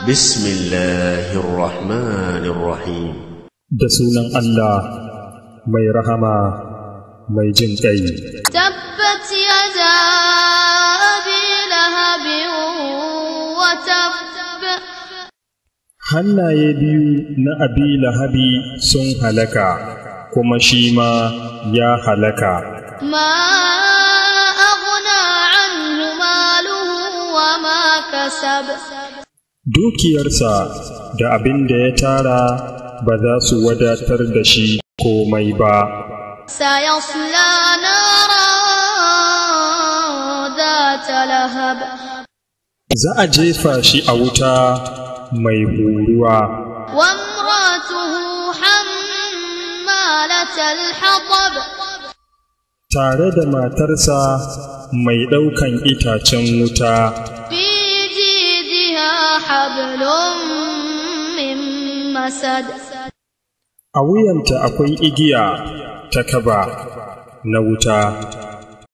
Bismillahirrahmanirrahim. Da sunan Allah mai rahama mai jin ƙai. Tabbat ya za abi lahabin wata Hannaye biyu na abi lahabi sun halaka, kuma shi ma ya halaka. Ma aghna anhu maluhu wa ma kasab. dukiyarsa da abin da ya tara ba za su wadatar da shi komai ba. Za a jefa shi a wuta mai huruwa. Tare da matarsa mai ɗaukan itacen wuta. a wuyanta akwai igiya ta kaba na wuta